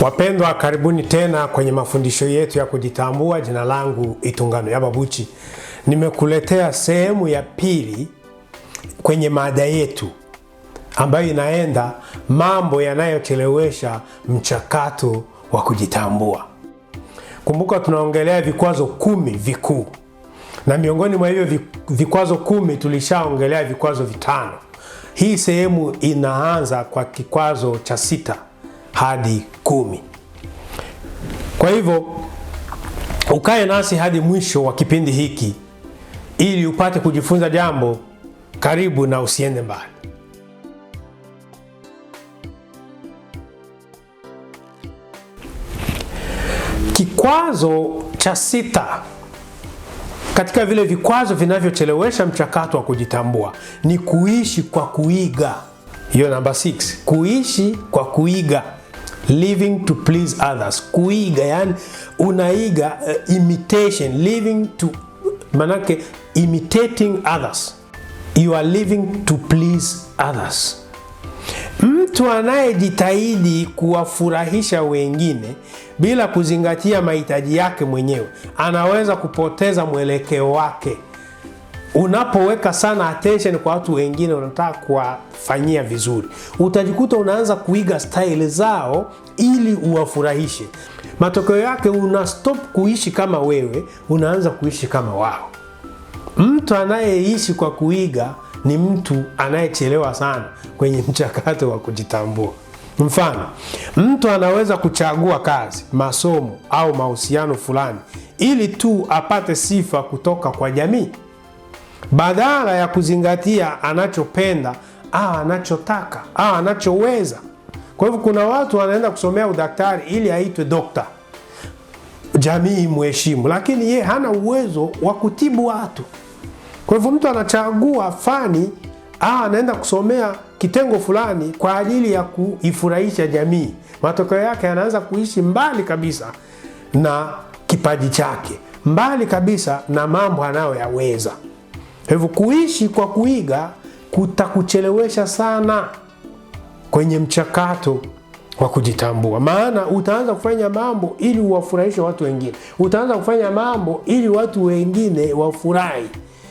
Wapendwa, karibuni tena kwenye mafundisho yetu ya kujitambua. Jina langu Itungano ya Babuchi, nimekuletea sehemu ya pili kwenye mada yetu ambayo inaenda mambo yanayochelewesha mchakato wa kujitambua. Kumbuka tunaongelea vikwazo kumi vikuu, na miongoni mwa hivyo vikwazo kumi tulishaongelea vikwazo vitano. Hii sehemu inaanza kwa kikwazo cha sita hadi kumi. Kwa hivyo ukae nasi hadi mwisho wa kipindi hiki ili upate kujifunza jambo. Karibu na usiende mbali. Kikwazo cha sita katika vile vikwazo vinavyochelewesha mchakato wa kujitambua ni kuishi kwa kuiga. Hiyo namba 6, kuishi kwa kuiga living to please others, kuiga yani unaiga uh, imitation living to manake imitating others, you are living to please others. Mtu anayejitahidi kuwafurahisha wengine bila kuzingatia mahitaji yake mwenyewe anaweza kupoteza mwelekeo wake. Unapoweka sana attention kwa watu wengine, unataka kuwafanyia vizuri, utajikuta unaanza kuiga style zao ili uwafurahishe. Matokeo yake una stop kuishi kama wewe, unaanza kuishi kama wao. Mtu anayeishi kwa kuiga ni mtu anayechelewa sana kwenye mchakato wa kujitambua. Mfano, mtu anaweza kuchagua kazi, masomo au mahusiano fulani ili tu apate sifa kutoka kwa jamii badala ya kuzingatia anachopenda au anachotaka au anachoweza. Kwa hivyo kuna watu wanaenda kusomea udaktari ili aitwe dokta, jamii imheshimu, lakini ye hana uwezo wa kutibu watu. Kwa hivyo mtu anachagua fani au anaenda kusomea kitengo fulani kwa ajili ya kuifurahisha jamii. Matokeo yake yanaanza kuishi mbali kabisa na kipaji chake, mbali kabisa na mambo anayoyaweza. Hivyo kuishi kwa kuiga kutakuchelewesha sana kwenye mchakato wa kujitambua, maana utaanza kufanya mambo ili uwafurahishe watu wengine, utaanza kufanya mambo ili watu wengine wafurahi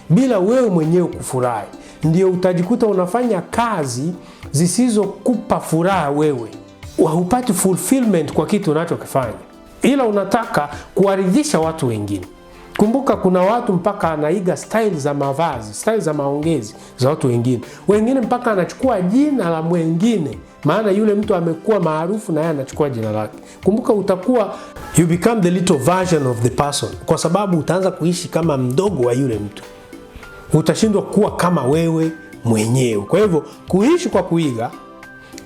bila wewe mwenyewe kufurahi. Ndio utajikuta unafanya kazi zisizokupa furaha wewe, haupati fulfillment kwa kitu unachokifanya, ila unataka kuwaridhisha watu wengine. Kumbuka kuna watu mpaka anaiga style za mavazi, style za maongezi za watu wengine, wengine mpaka anachukua jina la mwengine, maana yule mtu amekuwa maarufu na yeye anachukua jina lake. Kumbuka utakuwa you become the little version of the person, kwa sababu utaanza kuishi kama mdogo wa yule mtu, utashindwa kuwa kama wewe mwenyewe. Kwa hivyo kuishi kwa kuiga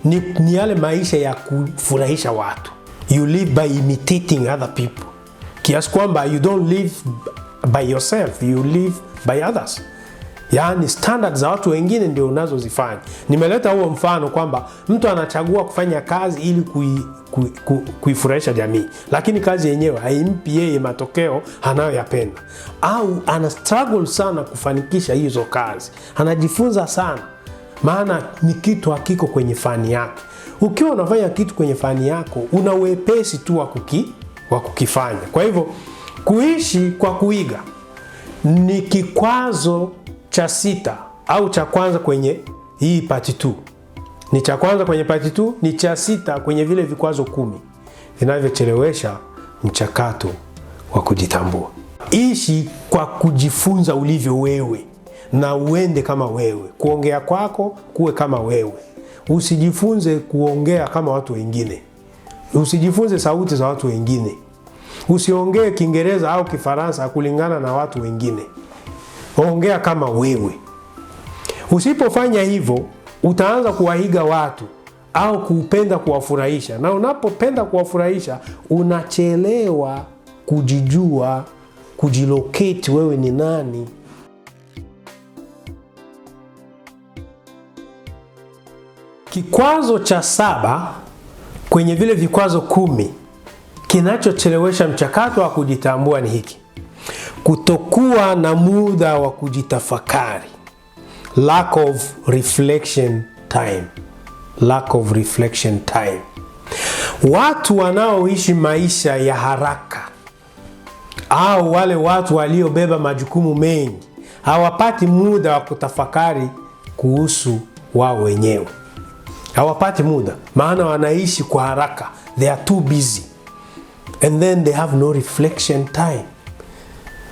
ni, ni yale maisha ya kufurahisha watu, you live by imitating other people kiasi kwamba you don't live by yourself, you live by others. Yaani standard za watu wengine ndio unazozifanya. Nimeleta huo mfano kwamba mtu anachagua kufanya kazi ili kui, kui, kui, kuifurahisha jamii, lakini kazi yenyewe haimpi yeye matokeo anayoyapenda, au ana struggle sana kufanikisha hizo kazi, anajifunza sana, maana ni kitu hakiko kwenye fani yake. Ukiwa unafanya kitu kwenye fani yako, una uwepesi tu wa kuki wa kukifanya. Kwa hivyo kuishi kwa kuiga ni kikwazo cha sita au cha kwanza kwenye hii pati tu, ni cha kwanza kwenye pati tu, ni cha sita kwenye vile vikwazo kumi vinavyochelewesha mchakato wa kujitambua. Ishi kwa kujifunza ulivyo wewe na uende kama wewe, kuongea kwako kuwe kama wewe. Usijifunze kuongea kama watu wengine, usijifunze sauti za watu wengine. Usiongee Kiingereza au Kifaransa kulingana na watu wengine, ongea kama wewe. Usipofanya hivyo, utaanza kuwaiga watu au kupenda kuwafurahisha, na unapopenda kuwafurahisha unachelewa kujijua, kujiloketi wewe ni nani. Kikwazo cha saba kwenye vile vikwazo kumi Kinachochelewesha mchakato wa kujitambua ni hiki: kutokuwa na muda wa kujitafakari, lack of reflection time, lack of reflection time. Watu wanaoishi maisha ya haraka au wale watu waliobeba majukumu mengi hawapati muda wa kutafakari kuhusu wao wenyewe, hawapati muda, maana wanaishi kwa haraka, they are too busy and then they have no reflection time,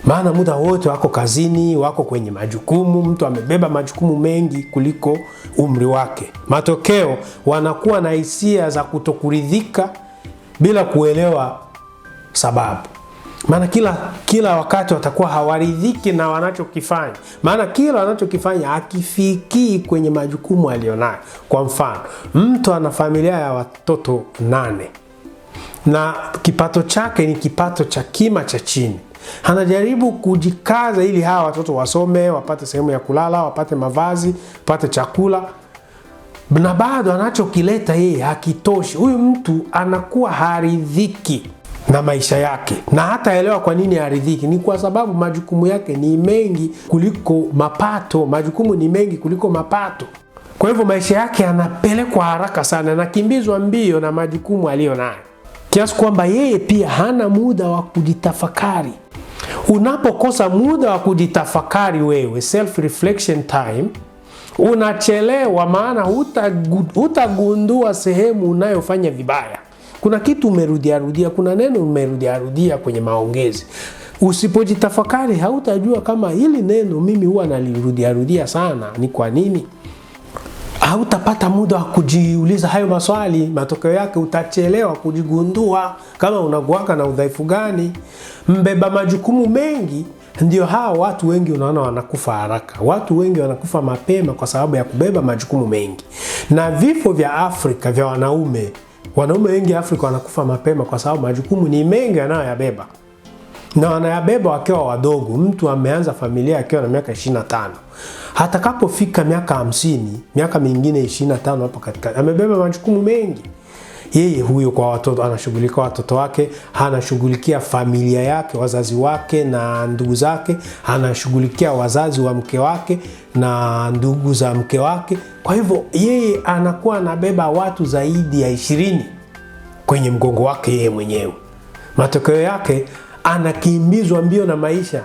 maana muda wote wako kazini, wako kwenye majukumu. Mtu amebeba majukumu mengi kuliko umri wake. Matokeo wanakuwa na hisia za kutokuridhika bila kuelewa sababu maana kila kila wakati watakuwa hawaridhiki na wanachokifanya, maana kila wanachokifanya akifikii kwenye majukumu aliyonayo. Kwa mfano, mtu ana familia ya watoto nane na kipato chake ni kipato cha kima cha chini. Anajaribu kujikaza ili hawa watoto wasome, wapate sehemu ya kulala, wapate mavazi, wapate chakula, na bado anachokileta yeye hakitoshi. Huyu mtu anakuwa haridhiki na maisha yake, na hata elewa kwa nini haridhiki. Ni kwa sababu majukumu yake ni mengi kuliko mapato. Majukumu ni mengi kuliko mapato. Kwa hivyo maisha yake yanapelekwa haraka sana, anakimbizwa mbio na majukumu aliyo nayo kiasi kwamba yeye pia hana muda wa kujitafakari. Unapokosa muda wa kujitafakari wewe, self reflection time, unachelewa, maana hutagundua sehemu unayofanya vibaya. Kuna kitu umerudiarudia, kuna neno umerudiarudia kwenye maongezi. Usipojitafakari hautajua kama hili neno mimi huwa nalirudiarudia sana, ni kwa nini? hautapata muda wa kujiuliza hayo maswali. Matokeo yake utachelewa kujigundua kama unaguaka na udhaifu gani. Mbeba majukumu mengi ndio hawa watu wengi unaona wanakufa haraka. Watu wengi wanakufa mapema kwa sababu ya kubeba majukumu mengi, na vifo vya Afrika vya wanaume, wanaume wengi Afrika wanakufa mapema kwa sababu majukumu ni mengi wanayoyabeba, na wanayabeba wakiwa wadogo. Mtu ameanza familia akiwa na miaka 25 Atakapofika miaka hamsini, miaka mingine 25 hapo katikati, amebeba majukumu mengi yeye huyo kwa watoto, anashughulikia watoto wake, anashughulikia familia yake, wazazi wake na ndugu zake, anashughulikia wazazi wa mke wake na ndugu za mke wake. Kwa hivyo yeye anakuwa anabeba watu zaidi ya ishirini kwenye mgongo wake yeye mwenyewe. Matokeo yake anakimbizwa mbio na maisha,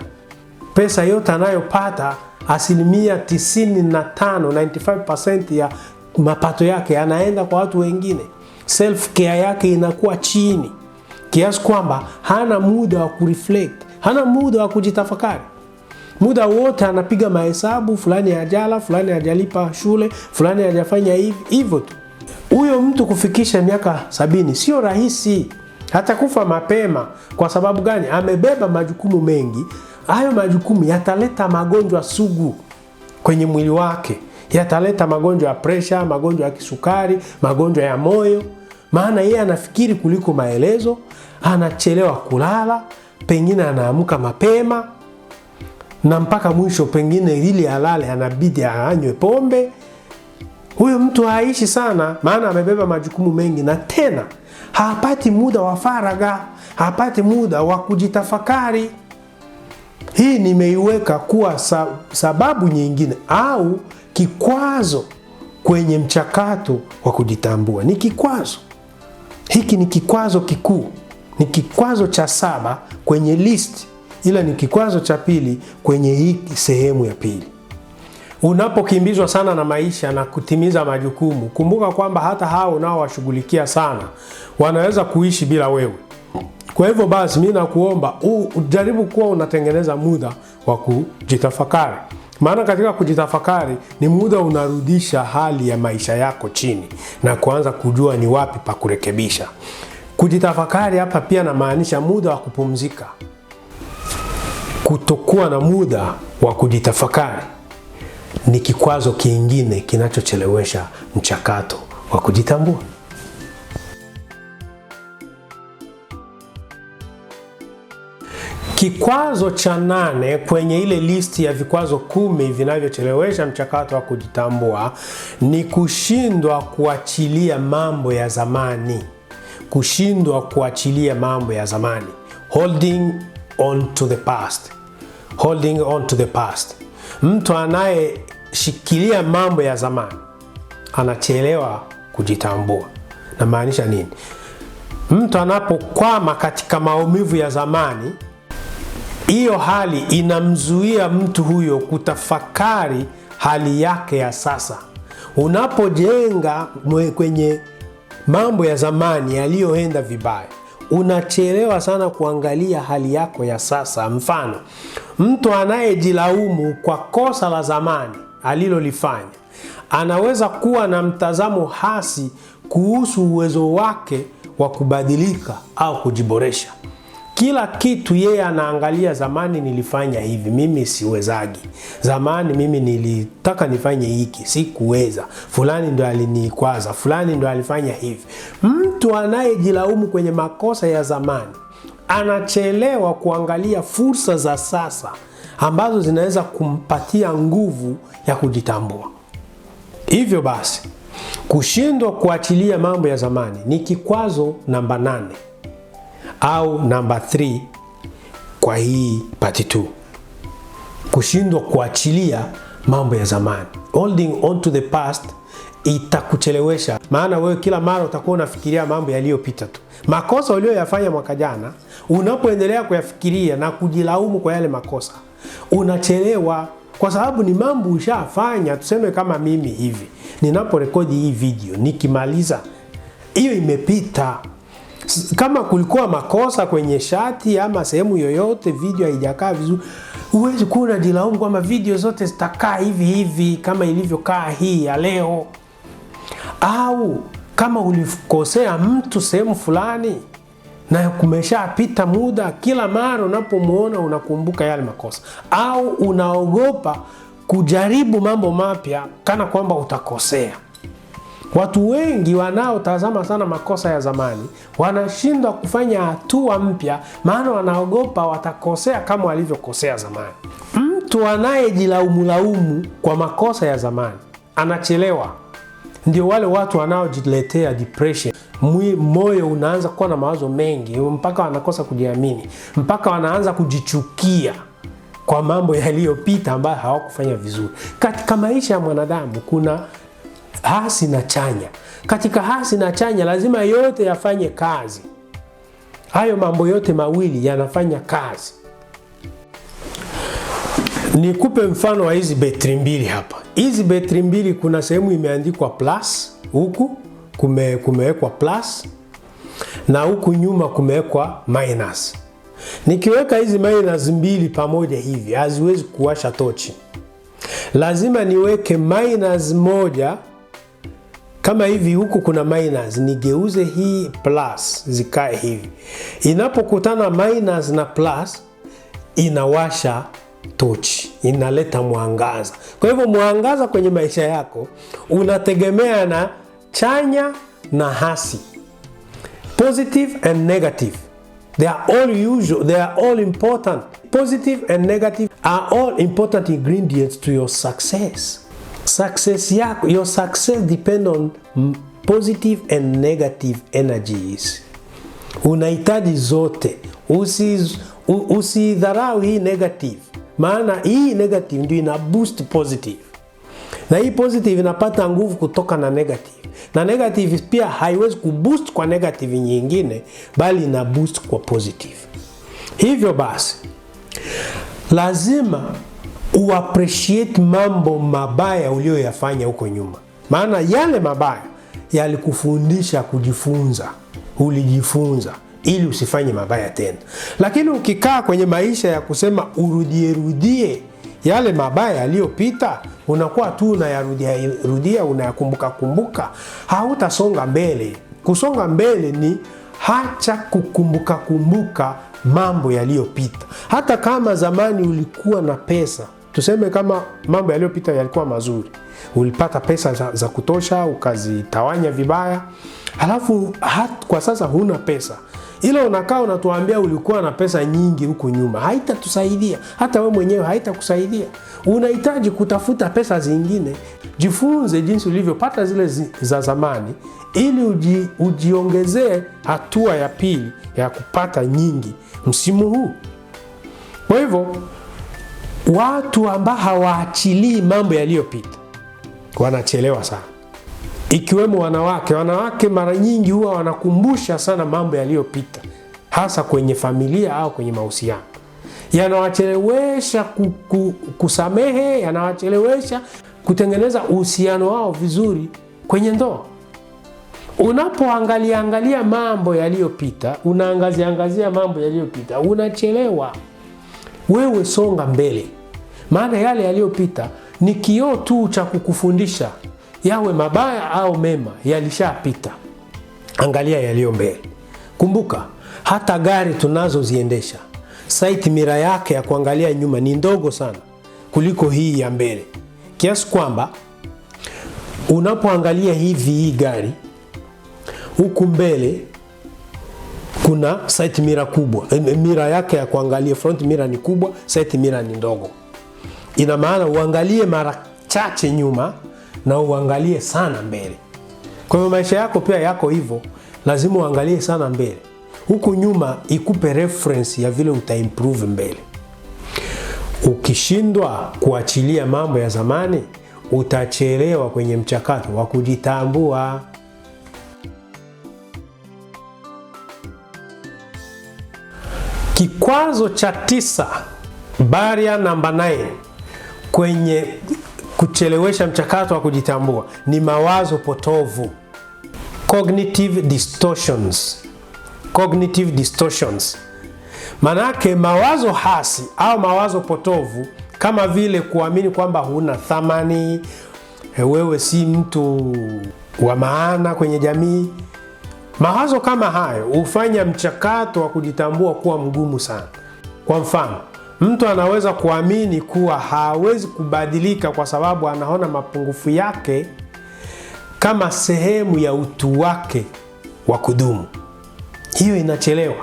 pesa yote anayopata asilimia 95, 95% ya mapato yake yanaenda kwa watu wengine. Self care yake inakuwa chini kiasi kwamba hana muda wa kureflect, hana muda wa kujitafakari. Muda wote anapiga mahesabu, fulani hajala, fulani hajalipa shule, fulani hajafanya hivi. Hivyo tu huyo mtu kufikisha miaka sabini sio rahisi, hatakufa mapema. Kwa sababu gani? Amebeba majukumu mengi hayo majukumu yataleta magonjwa sugu kwenye mwili wake, yataleta magonjwa ya presha, magonjwa ya kisukari, magonjwa ya moyo. Maana yeye anafikiri kuliko maelezo, anachelewa kulala, pengine anaamka mapema, na mpaka mwisho pengine ili alale anabidi aanywe pombe. Huyu mtu haishi sana, maana amebeba majukumu mengi, na tena hapati muda wa faraga hapati muda wa kujitafakari. Hii nimeiweka kuwa sababu nyingine au kikwazo kwenye mchakato wa kujitambua. Ni kikwazo, hiki ni kikwazo kikuu, ni kikwazo cha saba kwenye list ila ni kikwazo cha pili kwenye hii sehemu ya pili. Unapokimbizwa sana na maisha na kutimiza majukumu, kumbuka kwamba hata hao unaowashughulikia sana wanaweza kuishi bila wewe. Kwa hivyo basi, mi nakuomba ujaribu kuwa unatengeneza muda wa kujitafakari, maana katika kujitafakari ni muda unarudisha hali ya maisha yako chini na kuanza kujua ni wapi pa kurekebisha. Kujitafakari hapa pia namaanisha muda wa kupumzika. Kutokuwa na muda wa kujitafakari ni kikwazo kingine kinachochelewesha mchakato wa kujitambua. Kikwazo cha nane kwenye ile listi ya vikwazo kumi vinavyochelewesha mchakato wa kujitambua ni kushindwa kuachilia mambo ya zamani, kushindwa kuachilia mambo ya zamani, holding on to the past, holding on to the past. Mtu anayeshikilia mambo ya zamani anachelewa kujitambua. Namaanisha nini? Mtu anapokwama katika maumivu ya zamani hiyo hali inamzuia mtu huyo kutafakari hali yake ya sasa. Unapojenga kwenye mambo ya zamani yaliyoenda vibaya, unachelewa sana kuangalia hali yako ya sasa. Mfano, mtu anayejilaumu kwa kosa la zamani alilolifanya anaweza kuwa na mtazamo hasi kuhusu uwezo wake wa kubadilika au kujiboresha. Kila kitu yeye anaangalia, zamani nilifanya hivi, mimi siwezaji. Zamani mimi nilitaka nifanye hiki, sikuweza. Fulani ndo alinikwaza, fulani ndo alifanya hivi. Mtu anayejilaumu kwenye makosa ya zamani anachelewa kuangalia fursa za sasa ambazo zinaweza kumpatia nguvu ya kujitambua. Hivyo basi, kushindwa kuachilia mambo ya zamani ni kikwazo namba nane au namba 3 kwa hii part 2, kushindwa kuachilia mambo ya zamani. Holding on to the past itakuchelewesha, maana wewe kila mara utakuwa unafikiria mambo yaliyopita tu, makosa uliyoyafanya mwaka jana. Unapoendelea kuyafikiria na kujilaumu kwa yale makosa, unachelewa kwa sababu ni mambo ushafanya. Tuseme kama mimi hivi ninaporekodi hii video, nikimaliza hiyo imepita. Kama kulikuwa makosa kwenye shati ama sehemu yoyote, video haijakaa vizuri, huwezi kuwa unajilaumu kwamba video zote zitakaa hivi hivi kama ilivyokaa hii ya leo. Au kama ulikosea mtu sehemu fulani na kumeshapita muda, kila mara unapomwona unakumbuka yale makosa, au unaogopa kujaribu mambo mapya kana kwamba utakosea. Watu wengi wanaotazama sana makosa ya zamani wanashindwa kufanya hatua mpya, maana wanaogopa watakosea kama walivyokosea zamani. Mtu anayejilaumulaumu kwa makosa ya zamani anachelewa. Ndio wale watu wanaojiletea depression. Moyo unaanza kuwa na mawazo mengi, mpaka wanakosa kujiamini, mpaka wanaanza kujichukia kwa mambo yaliyopita ambayo hawakufanya vizuri. Katika maisha ya mwanadamu kuna hasi na chanya. Katika hasi na chanya lazima yote yafanye kazi. Hayo mambo yote mawili yanafanya kazi. Nikupe mfano wa hizi betri mbili hapa. Hizi betri mbili, kuna sehemu imeandikwa plus, huku kume, kumewekwa plus na huku nyuma kumewekwa minus. Nikiweka hizi minus mbili pamoja hivi haziwezi kuwasha tochi, lazima niweke minus moja kama hivi huku kuna minus, nigeuze hii plus zikae hivi. Inapokutana minus na plus inawasha tochi, inaleta mwangaza. Kwa hivyo mwangaza kwenye maisha yako unategemea na chanya na hasi, positive and negative. They are all usual, they are all important. Positive and negative are all important ingredients to your success. Success yako, your success depend on positive and negative energies. Unahitaji zote, usidharau usi hii negative, maana hii negative ndio ina boost positive, na hii positive inapata nguvu kutoka na negative, na negative pia haiwezi kuboost kwa negative nyingine, bali ina boost kwa positive. Hivyo basi lazima uappreciate mambo mabaya uliyoyafanya huko nyuma, maana yale mabaya yalikufundisha kujifunza, ulijifunza ili usifanye mabaya tena. Lakini ukikaa kwenye maisha ya kusema urudierudie yale mabaya yaliyopita, unakuwa tu unayarudia rudia, unayakumbuka kumbuka, hautasonga mbele. Kusonga mbele ni hacha kukumbuka kumbuka mambo yaliyopita. Hata kama zamani ulikuwa na pesa Tuseme kama mambo yaliyopita yalikuwa mazuri, ulipata pesa za, za kutosha ukazitawanya vibaya, halafu hat, kwa sasa huna pesa ila unakaa unatuambia ulikuwa na pesa nyingi huku nyuma, haitatusaidia. Hata we mwenyewe haitakusaidia. Unahitaji kutafuta pesa zingine. Jifunze jinsi ulivyopata zile zi, za zamani, ili uji, ujiongezee hatua ya pili ya kupata nyingi msimu huu. Kwa hivyo Watu ambao hawaachilii mambo yaliyopita wanachelewa sana, ikiwemo wanawake. Wanawake mara nyingi huwa wanakumbusha sana mambo yaliyopita, hasa kwenye familia au kwenye mahusiano. Yanawachelewesha kusamehe, yanawachelewesha kutengeneza uhusiano wao vizuri kwenye ndoa. Unapoangalia angalia mambo yaliyopita, unaangaziangazia mambo yaliyopita, unachelewa wewe songa mbele, maana yale yaliyopita ni kioo tu cha kukufundisha, yawe mabaya au mema, yalishapita. Angalia yaliyo mbele. Kumbuka hata gari tunazoziendesha saiti mira yake ya kuangalia nyuma ni ndogo sana kuliko hii ya mbele, kiasi kwamba unapoangalia hivi hii gari huku mbele kuna side mirror kubwa, mira yake ya kuangalia front mirror ni kubwa, side mirror ni ndogo. Ina maana uangalie mara chache nyuma na uangalie sana mbele. Kwa hiyo maisha yako pia yako hivyo, lazima uangalie sana mbele, huku nyuma ikupe reference ya vile utaimprove mbele. Ukishindwa kuachilia mambo ya zamani, utachelewa kwenye mchakato wa kujitambua. Kikwazo cha tisa, baria namba 9 kwenye kuchelewesha mchakato wa kujitambua ni mawazo potovu, cognitive distortions. Cognitive distortions manake mawazo hasi au mawazo potovu kama vile kuamini kwamba huna thamani, wewe si mtu wa maana kwenye jamii Mawazo kama hayo hufanya mchakato wa kujitambua kuwa mgumu sana. Kwa mfano, mtu anaweza kuamini kuwa hawezi kubadilika kwa sababu anaona mapungufu yake kama sehemu ya utu wake wa kudumu. Hiyo inachelewa,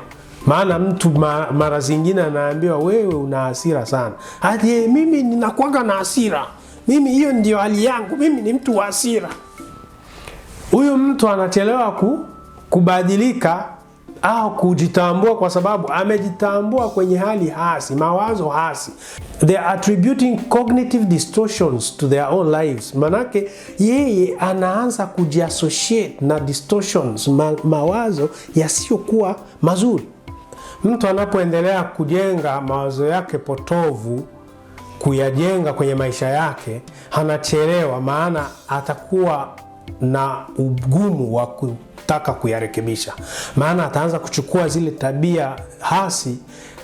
maana mtu mara zingine anaambiwa, wewe una hasira sana, hadi mimi ninakuwaga na hasira, mimi hiyo ndio hali yangu, mimi ni mtu wa hasira. Huyu mtu anachelewa ku kubadilika au kujitambua, kwa sababu amejitambua kwenye hali hasi, mawazo hasi. They are attributing cognitive distortions to their own lives. Manake yeye anaanza kujiassociate na distortions, ma mawazo yasiyokuwa mazuri. Mtu anapoendelea kujenga mawazo yake potovu kuyajenga kwenye maisha yake, anachelewa, maana atakuwa na ugumu wa kutaka kuyarekebisha, maana ataanza kuchukua zile tabia hasi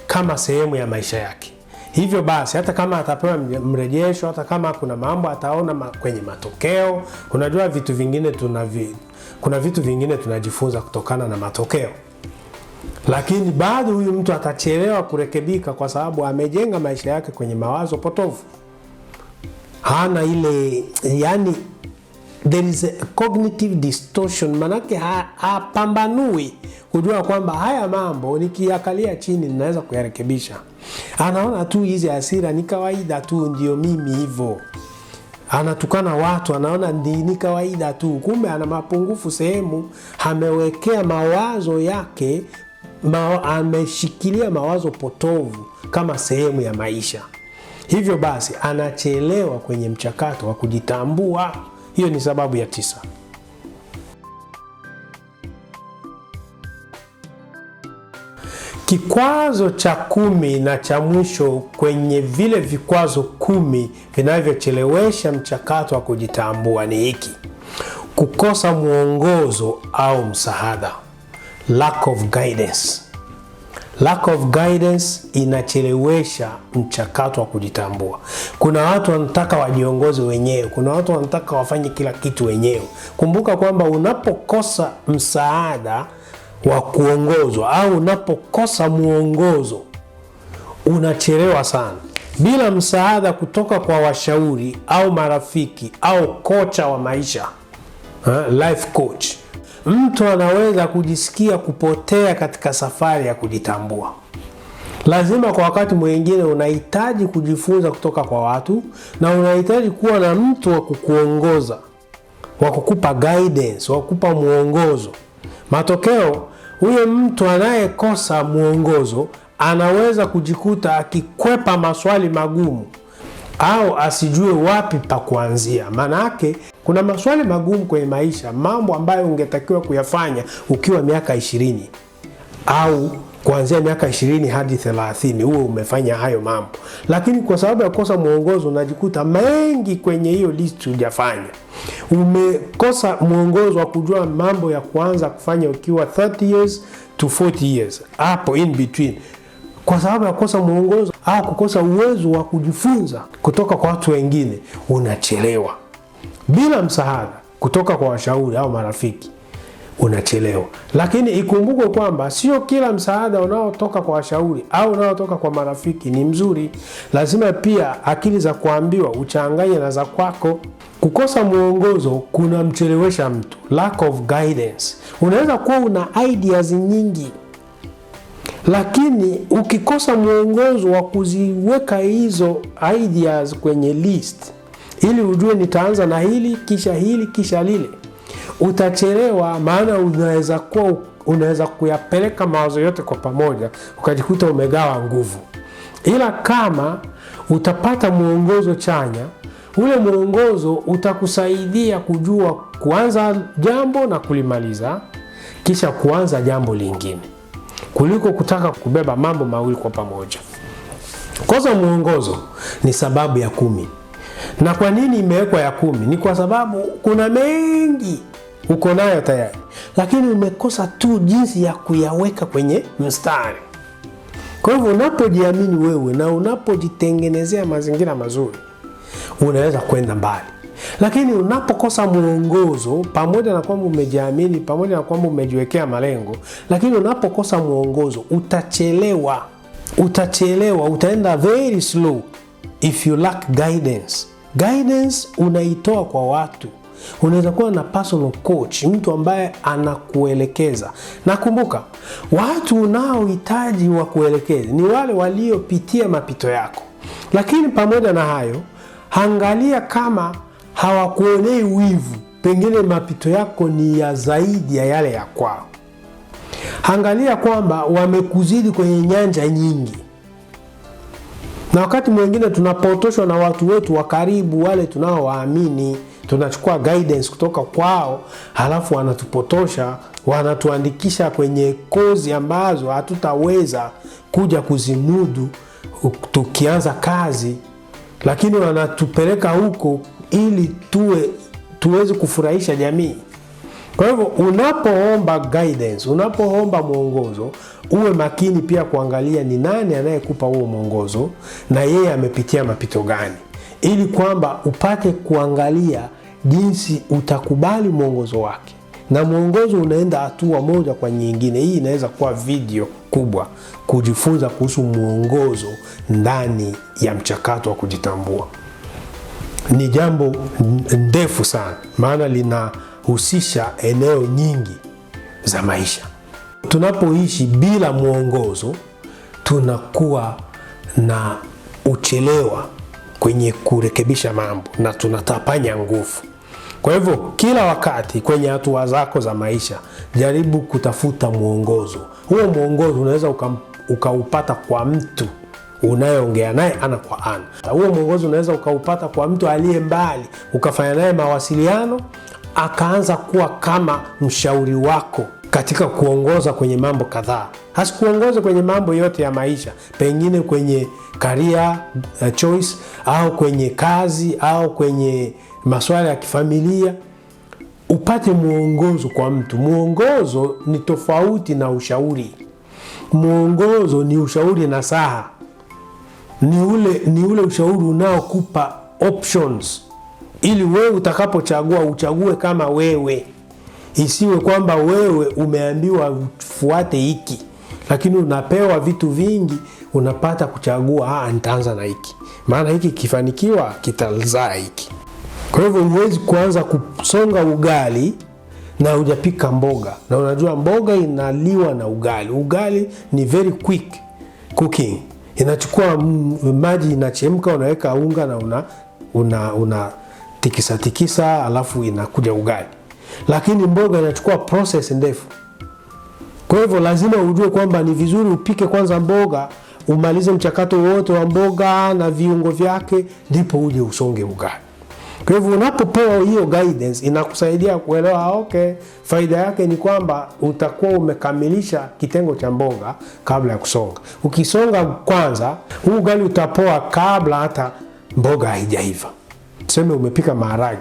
kama sehemu ya maisha yake. Hivyo basi hata kama atapewa mrejesho, hata kama kuna mambo ataona ma kwenye matokeo. Unajua vitu vingine tunavi, kuna vitu vingine tunajifunza kutokana na matokeo, lakini bado huyu mtu atachelewa kurekebika kwa sababu amejenga maisha yake kwenye mawazo potofu, hana ile yani there is a cognitive distortion, manake hapambanui kujua kwamba haya mambo nikiakalia chini ninaweza kuyarekebisha. Anaona tu hizi asira ni kawaida tu, ndio mimi hivyo. Anatukana watu, anaona ni kawaida tu, kumbe ana mapungufu sehemu, amewekea mawazo yake ma, ameshikilia mawazo potovu kama sehemu ya maisha. Hivyo basi anachelewa kwenye mchakato wa kujitambua. Hiyo ni sababu ya tisa. Kikwazo cha kumi na cha mwisho kwenye vile vikwazo kumi vinavyochelewesha mchakato wa kujitambua ni hiki: kukosa mwongozo au msaada, lack of guidance. Lack of guidance inachelewesha mchakato wa kujitambua. Kuna watu wanataka wajiongoze wenyewe, kuna watu wanataka wafanye kila kitu wenyewe. Kumbuka kwamba unapokosa msaada wa kuongozwa au unapokosa mwongozo unachelewa sana. Bila msaada kutoka kwa washauri au marafiki au kocha wa maisha, eh, life coach mtu anaweza kujisikia kupotea katika safari ya kujitambua. Lazima kwa wakati mwingine unahitaji kujifunza kutoka kwa watu na unahitaji kuwa na mtu wa kukuongoza, wa kukupa guidance, wa kukupa mwongozo. Matokeo, huyo mtu anayekosa mwongozo anaweza kujikuta akikwepa maswali magumu au asijue wapi pa kuanzia. Maana yake kuna maswali magumu kwenye maisha, mambo ambayo ungetakiwa kuyafanya ukiwa miaka ishirini au kuanzia miaka ishirini hadi thelathini uwe umefanya hayo mambo, lakini kwa sababu ya kukosa mwongozo unajikuta mengi kwenye hiyo list hujafanya. Umekosa mwongozo wa kujua mambo ya kuanza kufanya ukiwa 30 years to 40 years, hapo in between, kwa sababu ya kukosa mwongozo au kukosa uwezo wa kujifunza kutoka kwa watu wengine, unachelewa. Bila msaada kutoka kwa washauri au marafiki, unachelewa. Lakini ikumbukwe kwamba sio kila msaada unaotoka kwa washauri au unaotoka kwa marafiki ni mzuri. Lazima pia akili za kuambiwa uchanganye na za kwako. Kukosa mwongozo kunamchelewesha mtu, lack of guidance. Unaweza kuwa una ideas nyingi lakini ukikosa mwongozo wa kuziweka hizo ideas kwenye list, ili ujue nitaanza na hili kisha hili kisha lile, utachelewa. Maana unaweza kuwa unaweza kuyapeleka mawazo yote kwa pamoja, ukajikuta umegawa nguvu. Ila kama utapata mwongozo chanya, ule mwongozo utakusaidia kujua kuanza jambo na kulimaliza, kisha kuanza jambo lingine kuliko kutaka kubeba mambo mawili kwa pamoja. Kosa mwongozo ni sababu ya kumi. Na kwa nini imewekwa ya kumi? Ni kwa sababu kuna mengi uko nayo tayari, lakini umekosa tu jinsi ya kuyaweka kwenye mstari. Kwa hivyo unapojiamini wewe na unapojitengenezea mazingira mazuri, unaweza kwenda mbali. Lakini unapokosa mwongozo, pamoja na kwamba umejiamini, pamoja na kwamba umejiwekea malengo, lakini unapokosa mwongozo utachelewa, utachelewa, utaenda very slow if you lack guidance. Guidance unaitoa kwa watu unaweza kuwa na personal coach, mtu ambaye anakuelekeza. Nakumbuka watu unaohitaji wa kuelekeza ni wale waliopitia mapito yako, lakini pamoja na hayo, angalia kama hawakuonei wivu, pengine mapito yako ni ya zaidi ya yale ya kwao. Angalia kwamba wamekuzidi kwenye nyanja nyingi, na wakati mwingine tunapotoshwa na watu wetu wa karibu, wale tunaowaamini, tunachukua guidance kutoka kwao, halafu wanatupotosha, wanatuandikisha kwenye kozi ambazo hatutaweza kuja kuzimudu tukianza kazi, lakini wanatupeleka huko ili tuwe tuweze kufurahisha jamii. Kwa hivyo unapoomba guidance, unapoomba mwongozo, uwe makini pia kuangalia ni nani anayekupa huo mwongozo na yeye amepitia mapito gani, ili kwamba upate kuangalia jinsi utakubali mwongozo wake, na mwongozo unaenda hatua moja kwa nyingine. Hii inaweza kuwa video kubwa kujifunza kuhusu mwongozo ndani ya mchakato wa kujitambua ni jambo ndefu sana, maana linahusisha eneo nyingi za maisha. Tunapoishi bila mwongozo, tunakuwa na uchelewa kwenye kurekebisha mambo na tunatapanya nguvu. Kwa hivyo kila wakati kwenye hatua zako za maisha jaribu kutafuta mwongozo. Huo mwongozo unaweza ukaupata uka kwa mtu unayeongea naye ana kwa ana. Huo mwongozo unaweza ukaupata kwa mtu aliye mbali, ukafanya naye mawasiliano, akaanza kuwa kama mshauri wako katika kuongoza kwenye mambo kadhaa. Hasikuongoze kwenye mambo yote ya maisha, pengine kwenye career uh, choice au kwenye kazi au kwenye masuala ya kifamilia. Upate mwongozo kwa mtu. Mwongozo ni tofauti na ushauri. Mwongozo ni ushauri na saha ni ule, ni ule ushauri unaokupa options ili wewe utakapochagua uchague kama wewe, isiwe kwamba wewe umeambiwa ufuate hiki, lakini unapewa vitu vingi, unapata kuchagua, ah, nitaanza na hiki, maana hiki kifanikiwa kitazaa hiki. Kwa hivyo huwezi kuanza kusonga ugali na hujapika mboga, na unajua mboga inaliwa na ugali. Ugali ni very quick cooking inachukua maji inachemka, unaweka unga na una, una, una tikisa tikisa, alafu inakuja ugali. Lakini mboga inachukua process ndefu, kwa hivyo lazima ujue kwamba ni vizuri upike kwanza mboga, umalize mchakato wote wa mboga na viungo vyake, ndipo uje usonge ugali. Kwa hivyo unapopewa hiyo guidance inakusaidia kuelewa, ah, okay, faida yake ni kwamba utakuwa umekamilisha kitengo cha mboga kabla ya kusonga. Ukisonga kwanza, huu ugali utapoa kabla hata mboga haijaiva. Tuseme umepika maharage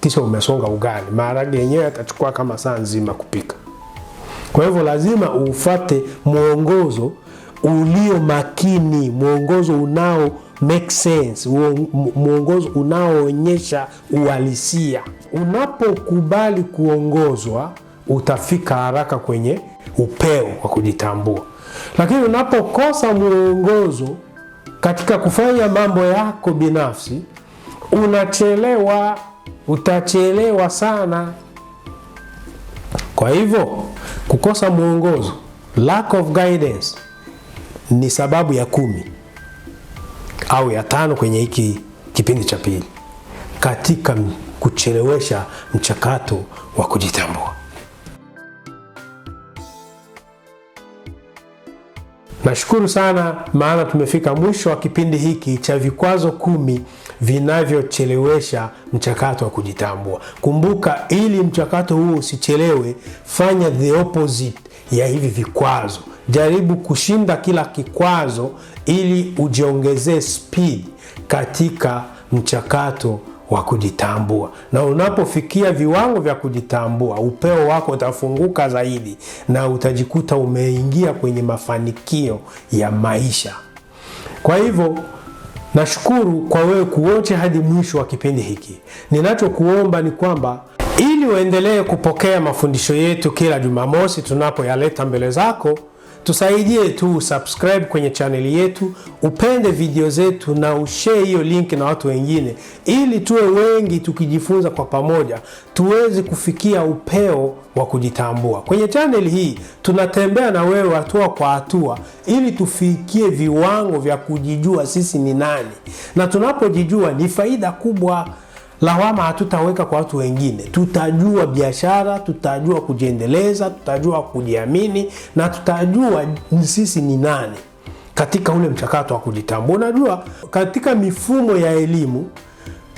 kisha umesonga ugali, maharage yenyewe yatachukua kama saa nzima kupika. Kwa hivyo lazima ufate mwongozo ulio makini, mwongozo unao make sense, mwongozo unaoonyesha uhalisia. Unapokubali kuongozwa, utafika haraka kwenye upeo wa kujitambua, lakini unapokosa mwongozo katika kufanya mambo yako binafsi, unachelewa, utachelewa sana. Kwa hivyo kukosa mwongozo, lack of guidance, ni sababu ya kumi au ya tano kwenye hiki kipindi cha pili katika kuchelewesha mchakato wa kujitambua. Nashukuru sana maana tumefika mwisho wa kipindi hiki cha vikwazo kumi vinavyochelewesha mchakato wa kujitambua. Kumbuka, ili mchakato huo usichelewe, fanya the opposite ya hivi vikwazo jaribu kushinda kila kikwazo ili ujiongezee speed katika mchakato wa kujitambua. Na unapofikia viwango vya kujitambua, upeo wako utafunguka zaidi na utajikuta umeingia kwenye mafanikio ya maisha. Kwa hivyo nashukuru kwa wewe kuote hadi mwisho wa kipindi hiki. Ninachokuomba ni kwamba ili uendelee kupokea mafundisho yetu kila Jumamosi tunapoyaleta mbele zako tusaidie tu subscribe kwenye chaneli yetu, upende video zetu na ushare hiyo link na watu wengine, ili tuwe wengi tukijifunza kwa pamoja, tuweze kufikia upeo wa kujitambua. Kwenye chaneli hii tunatembea na wewe hatua kwa hatua, ili tufikie viwango vya kujijua sisi ni nani, na tunapojijua ni faida kubwa lawama hatutaweka kwa watu wengine. Tutajua biashara, tutajua kujiendeleza, tutajua kujiamini na tutajua sisi ni nani katika ule mchakato wa kujitambua. Unajua, katika mifumo ya elimu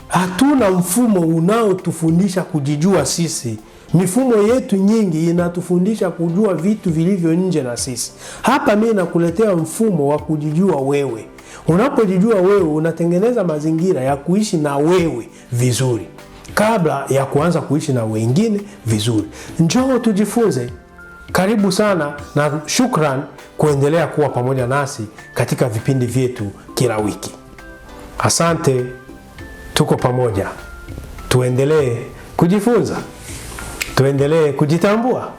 hatuna mfumo unaotufundisha kujijua sisi. Mifumo yetu nyingi inatufundisha kujua vitu vilivyo nje na sisi. Hapa mimi nakuletea mfumo wa kujijua wewe. Unapojijua wewe, unatengeneza mazingira ya kuishi na wewe vizuri kabla ya kuanza kuishi na wengine vizuri. Njoo tujifunze. Karibu sana na shukran kuendelea kuwa pamoja nasi katika vipindi vyetu kila wiki. Asante, tuko pamoja. Tuendelee kujifunza, tuendelee kujitambua.